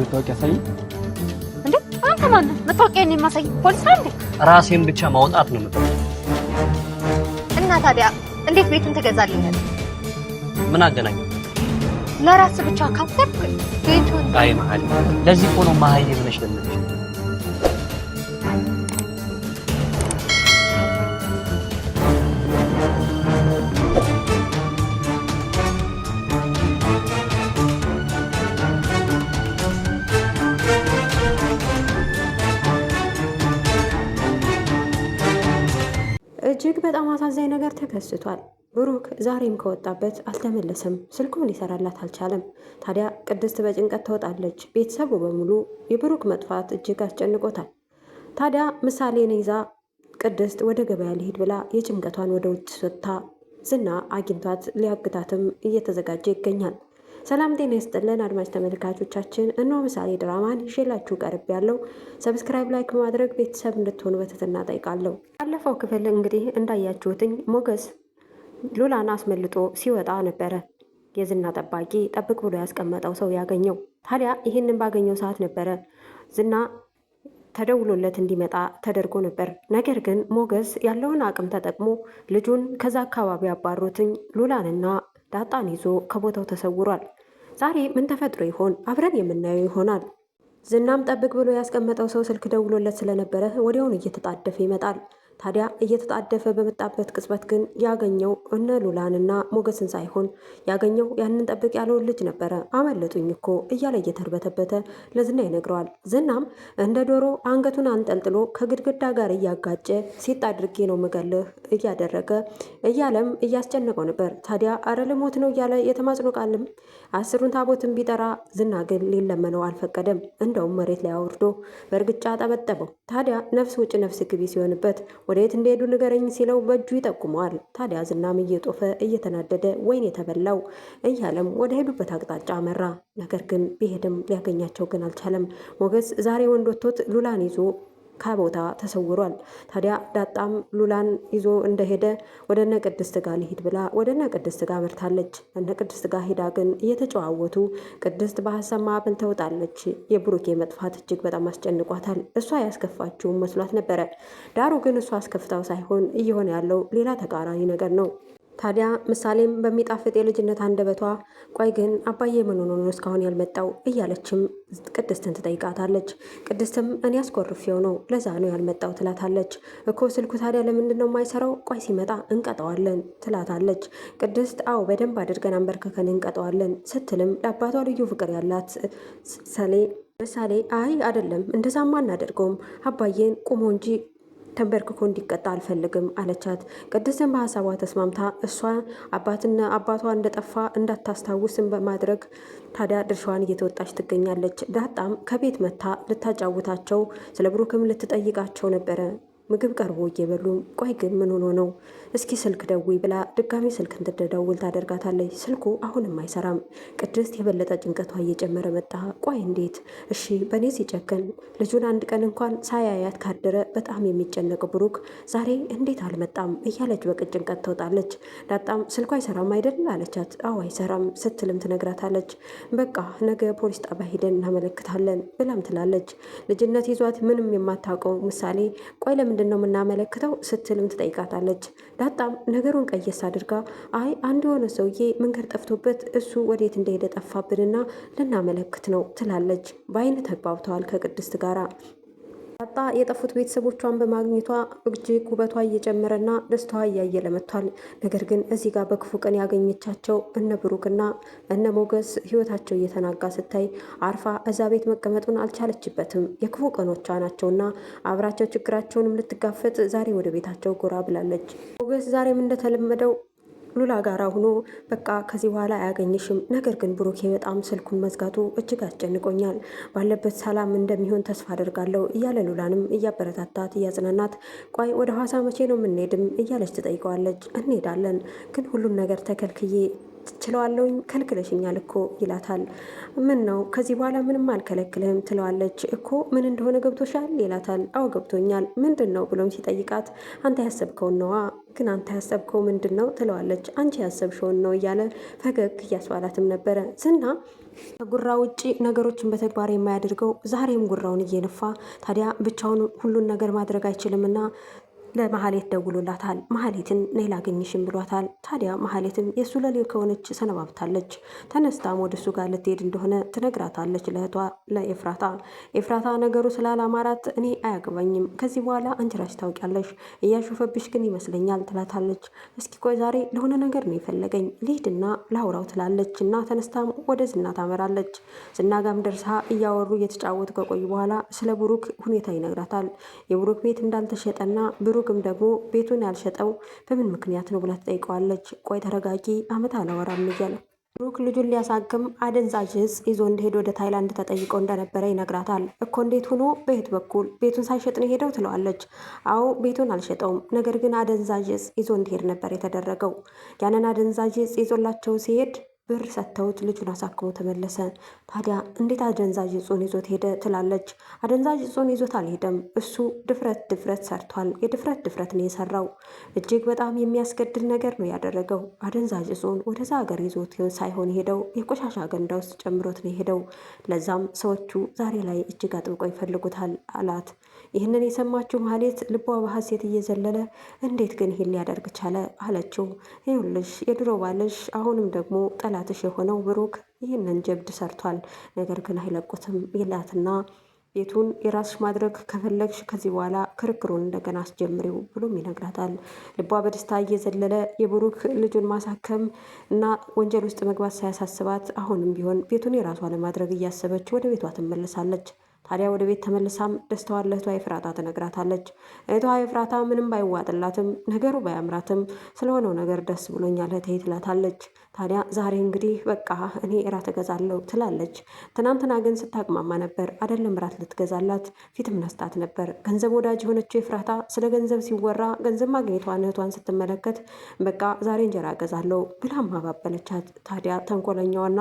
መታወቂያ ያሳይ። እንዴ አንተ ማን ነህ? መታወቂያ ነው የማሳይ? ፖሊስ አንዴ ራሴን ብቻ ማውጣት ነው መጣው። እና ታዲያ እንዴት ቤትን ትገዛልኛለህ? ምን አገናኝ? ለራስ ብቻ ካሰብክ ቤቱን አይ ማለት ለዚህ ሆኖ መሀይም ምንሽ ለምን አሳዛኝ ነገር ተከስቷል። ብሩክ ዛሬም ከወጣበት አልተመለሰም። ስልኩም ሊሰራላት አልቻለም። ታዲያ ቅድስት በጭንቀት ተወጣለች። ቤተሰቡ በሙሉ የብሩክ መጥፋት እጅግ አስጨንቆታል። ታዲያ ምሳሌን ይዛ ቅድስት ወደ ገበያ ሊሄድ ብላ የጭንቀቷን ወደ ውጭ ሰጥታ ዝና አግኝቷት ሊያግታትም እየተዘጋጀ ይገኛል። ሰላም ጤና ይስጥልን አድማጭ ተመልካቾቻችን፣ እነሆ ምሳሌ ድራማን ይዤላችሁ ቀርብ ያለው ሰብስክራይብ፣ ላይክ በማድረግ ቤተሰብ እንድትሆኑ በትህትና ጠይቃለሁ። ባለፈው ክፍል እንግዲህ እንዳያችሁትኝ ሞገስ ሉላን አስመልጦ ሲወጣ ነበረ የዝና ጠባቂ ጠብቅ ብሎ ያስቀመጠው ሰው ያገኘው። ታዲያ ይህንን ባገኘው ሰዓት ነበረ ዝና ተደውሎለት እንዲመጣ ተደርጎ ነበር። ነገር ግን ሞገስ ያለውን አቅም ተጠቅሞ ልጁን ከዛ አካባቢ ያባሩትኝ ሉላንና ዳጣን ይዞ ከቦታው ተሰውሯል። ዛሬ ምን ተፈጥሮ ይሆን? አብረን የምናየው ይሆናል። ዝናም ጠብቅ ብሎ ያስቀመጠው ሰው ስልክ ደውሎለት ስለነበረ ወዲያውን እየተጣደፈ ይመጣል። ታዲያ እየተጣደፈ በመጣበት ቅጽበት ግን ያገኘው እነ ሉላንና ሞገስን ሳይሆን ያገኘው ያንን ጠብቅ ያለውን ልጅ ነበረ። አመለጡኝ እኮ እያለ እየተርበተበተ ለዝና ይነግረዋል። ዝናም እንደ ዶሮ አንገቱን አንጠልጥሎ ከግድግዳ ጋር እያጋጨ ሲጥ አድርጌ ነው ምገልህ እያደረገ እያለም እያስጨነቀው ነበር። ታዲያ አረ ልሞት ነው እያለ የተማጽኖ ቃልም አስሩን ታቦትን ቢጠራ ዝና ግን ሊለመነው አልፈቀደም። እንደውም መሬት ላይ አውርዶ በእርግጫ ጠበጠበው። ታዲያ ነፍስ ውጭ ነፍስ ግቢ ሲሆንበት ወዴት እንደሄዱ ንገረኝ ሲለው በእጁ ይጠቁመዋል። ታዲያ ዝናም እየጦፈ እየተናደደ ወይን የተበላው እያለም ወደ ሄዱበት አቅጣጫ አመራ። ነገር ግን ቢሄድም ሊያገኛቸው ግን አልቻለም። ሞገስ ዛሬ ወንዶቶት ሉላን ይዞ ከቦታ ተሰውሯል። ታዲያ ዳጣም ሉላን ይዞ እንደሄደ ወደ እነ ቅድስት ጋ ልሂድ ብላ ወደ እነ ቅድስት ጋ መርታለች። እነ ቅድስት ጋ ሄዳ ግን እየተጨዋወቱ ቅድስት በሀሳብ ማዕበል ተውጣለች። የብሩኬ መጥፋት እጅግ በጣም አስጨንቋታል። እሷ ያስከፋችውን መስሏት ነበረ። ዳሩ ግን እሷ አስከፍታው ሳይሆን እየሆነ ያለው ሌላ ተቃራኒ ነገር ነው። ታዲያ ምሳሌም በሚጣፍጥ የልጅነት አንደበቷ ቆይ ግን አባዬ ምን ሆኖ ነው እስካሁን ያልመጣው እያለችም ቅድስትን ትጠይቃታለች። ቅድስትም እኔ አስኮርፌው ነው ለዛ ነው ያልመጣው ትላታለች። እኮ ስልኩ ታዲያ ለምንድን ነው የማይሰራው? ቆይ ሲመጣ እንቀጠዋለን ትላታለች። ቅድስት አዎ በደንብ አድርገን አንበርክከን እንቀጠዋለን ስትልም ለአባቷ ልዩ ፍቅር ያላት ሰሌ ምሳሌ አይ አይደለም እንደዛማ አናደርገውም አባዬን ቁሞ እንጂ ተንበርክኮ እንዲቀጣ አልፈልግም አለቻት። ቅድስትን በሀሳቧ ተስማምታ እሷ አባትና አባቷ እንደጠፋ እንዳታስታውስን በማድረግ ታዲያ ድርሻዋን እየተወጣች ትገኛለች። ዳጣም ከቤት መታ ልታጫውታቸው ስለ ብሩክም ልትጠይቃቸው ነበረ ምግብ ቀርቦ እየበሉ ቆይ ግን ምን ሆኖ ነው? እስኪ ስልክ ደውይ ብላ ድጋሚ ስልክ እንድትደውል ታደርጋታለች። ስልኩ አሁንም አይሰራም። ቅድስት የበለጠ ጭንቀቷ እየጨመረ መጣ። ቆይ እንዴት እሺ፣ በእኔ ሲጨክን ልጁን አንድ ቀን እንኳን ሳያያት ካደረ በጣም የሚጨነቅ ብሩክ ዛሬ እንዴት አልመጣም እያለች በቅ ጭንቀት ትወጣለች። ዳጣም ስልኩ አይሰራም አይደል አለቻት። አዎ አይሰራም ስትልም ትነግራታለች። በቃ ነገ ፖሊስ ጣቢያ ሂደን እናመለክታለን ብላም ትላለች። ልጅነት ይዟት ምንም የማታውቀው ምሳሌ ቆይ ለምን ምንድን ነው የምናመለክተው ስትልም ትጠይቃታለች። ዳጣም ነገሩን ቀየስ አድርጋ አይ አንድ የሆነ ሰውዬ መንገድ ጠፍቶበት እሱ ወዴት እንደሄደ ጠፋብንና ልናመለክት ነው ትላለች። በአይነት ተግባብተዋል ከቅድስት ጋራ ዳጣ የጠፉት ቤተሰቦቿን በማግኘቷ እጅግ ውበቷ እየጨመረና ደስታዋ እያየለ መጥቷል። ነገር ግን እዚህ ጋር በክፉ ቀን ያገኘቻቸው እነ ብሩክና እነ ሞገስ ህይወታቸው እየተናጋ ስታይ አርፋ እዛ ቤት መቀመጡን አልቻለችበትም። የክፉ ቀኖቿ ናቸውና አብራቸው ችግራቸውንም ልትጋፈጥ ዛሬ ወደ ቤታቸው ጎራ ብላለች። ሞገስ ዛሬም እንደተለመደው ሉላ ጋራ ሆኖ በቃ ከዚህ በኋላ አያገኝሽም። ነገር ግን ብሩኬ በጣም ስልኩን መዝጋቱ እጅግ አስጨንቆኛል። ባለበት ሰላም እንደሚሆን ተስፋ አደርጋለሁ እያለ ሉላንም እያበረታታት እያጽናናት፣ ቆይ ወደ ሐዋሳ መቼ ነው የምንሄድም እያለች ትጠይቀዋለች። እንሄዳለን ግን ሁሉን ነገር ተከልክዬ ችለዋለሁኝ ከልክለሽኛል እኮ ይላታል። ምን ነው ከዚህ በኋላ ምንም አልከለክልህም ትለዋለች። እኮ ምን እንደሆነ ገብቶሻል ይላታል። አዎ ገብቶኛል። ምንድን ነው ብሎም ሲጠይቃት አንተ ያሰብከውን ነዋ ግን አንተ ያሰብከው ምንድን ነው ትለዋለች። አንቺ ያሰብሽውን ነው እያለ ፈገግ እያስባላትም ነበረ ዝና ከጉራ ውጪ ነገሮችን በተግባር የማያደርገው ዛሬም ጉራውን እየነፋ ታዲያ ብቻውን ሁሉን ነገር ማድረግ አይችልምና ለመሀሌት ደውሎላታል። መሀሌትን ነይ ላገኝሽም ብሏታል። ታዲያ መሀሌትም የእሱ ለሌ ከሆነች ሰነባብታለች። ተነስታም ወደ እሱ ጋር ልትሄድ እንደሆነ ትነግራታለች ለእህቷ ለኤፍራታ። ኤፍራታ ነገሩ ስላላማራት እኔ አያገባኝም፣ ከዚህ በኋላ አንቺ ራስሽ ታውቂያለሽ፣ እያሾፈብሽ ግን ይመስለኛል ትላታለች። እስኪ ቆይ ዛሬ ለሆነ ነገር ነው የፈለገኝ፣ ልሂድና ላውራው ትላለች እና ተነስታም ወደ ዝና ታመራለች። ዝና ጋም ደርሳ እያወሩ እየተጫወቱ ከቆዩ በኋላ ስለ ብሩክ ሁኔታ ይነግራታል። የብሩክ ቤት እንዳልተሸጠና ብሩክ ብሩክም ደግሞ ቤቱን ያልሸጠው በምን ምክንያት ነው ብላ ትጠይቀዋለች። ቆይ ተረጋጊ፣ አመት አላወራም እያለ ብሩክ ልጁን ሊያሳክም አደንዛዥ እጽ ይዞ እንደሄደ ወደ ታይላንድ ተጠይቆ እንደነበረ ይነግራታል። እኮ እንዴት ሆኖ በየት በኩል ቤቱን ሳይሸጥ ነው ሄደው ትለዋለች። አዎ ቤቱን አልሸጠውም፣ ነገር ግን አደንዛዥ እጽ ይዞ እንዲሄድ ነበር የተደረገው። ያንን አደንዛዥ እጽ ይዞላቸው ሲሄድ ብር ሰጥተውት ልጁን አሳክሞ ተመለሰ። ታዲያ እንዴት አደንዛዥ እጹን ይዞት ሄደ ትላለች። አደንዛዥ እጹን ይዞት አልሄደም። እሱ ድፍረት ድፍረት ሰርቷል። የድፍረት ድፍረት ነው የሰራው። እጅግ በጣም የሚያስገድል ነገር ነው ያደረገው። አደንዛዥ እጹን ወደዛ ሀገር ይዞት ሳይሆን ሄደው የቆሻሻ ገንዳ ውስጥ ጨምሮት ነው ሄደው። ለዛም ሰዎቹ ዛሬ ላይ እጅግ አጥብቀው ይፈልጉታል አላት። ይህንን የሰማችው ማህሌት ልቧ በሐሴት እየዘለለ እንዴት ግን ይህን ሊያደርግ ቻለ አለችው። ይኸውልሽ የድሮ ባልሽ አሁንም ደግሞ ጠላትሽ የሆነው ብሩክ ይህንን ጀብድ ሰርቷል። ነገር ግን አይለቁትም ይላትና ቤቱን የራስሽ ማድረግ ከፈለግሽ ከዚህ በኋላ ክርክሩን እንደገና አስጀምሪው ብሎም ይነግራታል። ልቧ በደስታ እየዘለለ የብሩክ ልጁን ማሳከም እና ወንጀል ውስጥ መግባት ሳያሳስባት አሁንም ቢሆን ቤቱን የራሷ ለማድረግ እያሰበች ወደ ቤቷ ትመለሳለች። ታዲያ ወደ ቤት ተመልሳም ደስታዋን ለእህቷ የፍራታ ትነግራታለች። እህቷ የፍራታ ምንም ባይዋጥላትም ነገሩ ባያምራትም ስለሆነው ነገር ደስ ብሎኛል እህቴ ትላታለች። ታዲያ ዛሬ እንግዲህ በቃ እኔ እራት እገዛለሁ ትላለች። ትናንትና ግን ስታቅማማ ነበር አይደለም እራት ልትገዛላት ፊትም ነስታት ነበር። ገንዘብ ወዳጅ የሆነችው የፍራታ ስለ ገንዘብ ሲወራ ገንዘብ ማግኘቷን እህቷን ስትመለከት በቃ ዛሬ እንጀራ እገዛለሁ ብላም አባበለቻት። ታዲያ ተንኮለኛዋና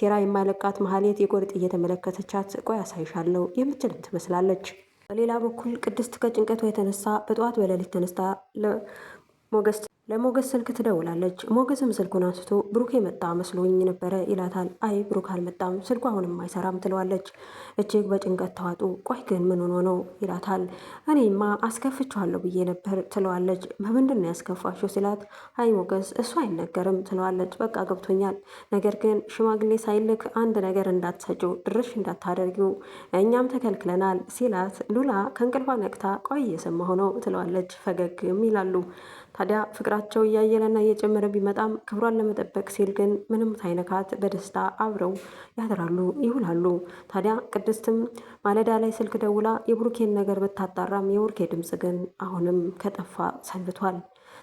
ሴራ የማይለቃት መሀሌት የጎርጥ እየተመለከተቻት ቆይ አሳይሻለሁ የምትል ትመስላለች። በሌላ በኩል ቅድስት ከጭንቀቷ የተነሳ በጠዋት በሌሊት ተነስታ ለሞገስ ለሞገስ ስልክ ትደውላለች። ሞገስም ስልኩን አንስቶ ብሩክ የመጣ መስሎኝ ነበረ ይላታል። አይ ብሩክ አልመጣም፣ ስልኩ አሁንም አይሰራም ትለዋለች። እጅግ በጭንቀት ተዋጡ። ቆይ ግን ምን ሆኖ ነው ይላታል። እኔማ አስከፍችኋለሁ ብዬ ነበር ትለዋለች። በምንድን ነው ሲላት፣ አይ ሞገስ እሱ አይነገርም ትለዋለች። በቃ ገብቶኛል፣ ነገር ግን ሽማግሌ ሳይልክ አንድ ነገር እንዳትሰጪው፣ ድርሽ እንዳታደርጊው እኛም ተከልክለናል ሲላት፣ ሉላ ከእንቅልፏ ነቅታ ቆይ የሰማሁ ነው ትለዋለች። ፈገግም ይላሉ። ታዲያ ፍቅራቸው እያየለና እየጨመረ ቢመጣም ክብሯን ለመጠበቅ ሲል ግን ምንም ሳይነካት በደስታ አብረው ያድራሉ ይውላሉ። ታዲያ ቅድስትም ማለዳ ላይ ስልክ ደውላ የብሩኬን ነገር ብታጣራም የብሩኬ ድምፅ ግን አሁንም ከጠፋ ሰንብቷል።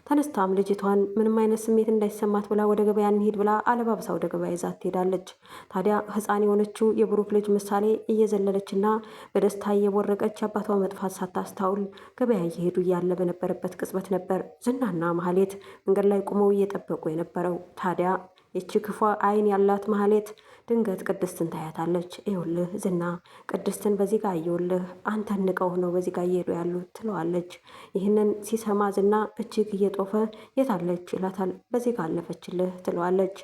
ተነስታም ልጅቷን ምንም አይነት ስሜት እንዳይሰማት ብላ ወደ ገበያ እንሂድ ብላ አለባብሳ ወደ ገበያ ይዛት ትሄዳለች። ታዲያ ሕፃን የሆነችው የብሩክ ልጅ ምሳሌ እየዘለለችና በደስታ እየቦረቀች አባቷ መጥፋት ሳታስታውል ገበያ እየሄዱ እያለ በነበረበት ቅጽበት ነበር ዝናና መሀሌት መንገድ ላይ ቁመው እየጠበቁ የነበረው ታዲያ ይቺ ክፉ አይን ያላት ማህሌት ድንገት ቅድስትን ታያታለች። ይኸውልህ ዝና ቅድስትን በዚህ ጋር እየውልህ አንተ ንቀው ነው በዚህ ጋር እየሄዱ ያሉት ትለዋለች። ይህንን ሲሰማ ዝና እጅግ እየጦፈ የታለች ይላታል። በዚህ ጋር አለፈችልህ ትለዋለች።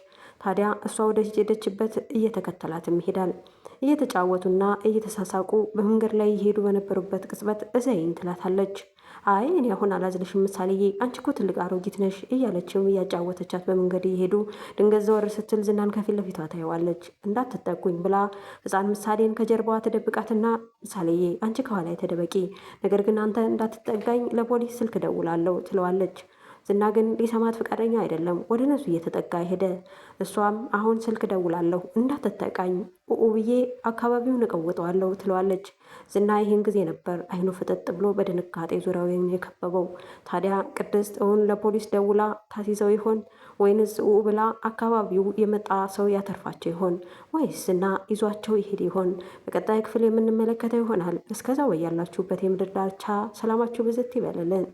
ታዲያ እሷ ወደ ሄደችበት እየተከተላትም ይሄዳል። እየተጫወቱና እየተሳሳቁ በመንገድ ላይ እየሄዱ በነበሩበት ቅጽበት እዘይን ትላታለች። አይ እኔ አሁን አላዝንሽም ምሳሌዬ፣ አንቺ እኮ ትልቅ አሮጊት ነሽ እያለችም እያጫወተቻት በመንገድ እየሄዱ ድንገት ዘወር ስትል ዝናን ከፊት ለፊቷ ታየዋለች። እንዳትጠጉኝ ብላ ህፃን ምሳሌን ከጀርባዋ ተደብቃትና ምሳሌዬ፣ አንቺ ከኋላ ተደበቂ፣ ነገር ግን አንተ እንዳትጠጋኝ ለፖሊስ ስልክ ደውላለሁ ትለዋለች። ዝና ግን ሊሰማት ፈቃደኛ አይደለም። ወደ እነሱ እየተጠጋ ሄደ። እሷም አሁን ስልክ ደውላለሁ እንዳትጠቃኝ ኡኡ ብዬ አካባቢውን እቀውጠዋለሁ ትለዋለች። ዝና ይህን ጊዜ ነበር አይኑ ፍጥጥ ብሎ በድንጋጤ ዙሪያውን የከበበው። ታዲያ ቅድስት እውን ለፖሊስ ደውላ ታሲዘው ይሆን ወይንስ ኡኡ ብላ አካባቢው የመጣ ሰው ያተርፋቸው ይሆን ወይስ ዝና ይዟቸው ይሄድ ይሆን? በቀጣይ ክፍል የምንመለከተው ይሆናል። እስከዛ ወያላችሁበት የምድር ዳርቻ ሰላማችሁ ብዝት ይበለልን።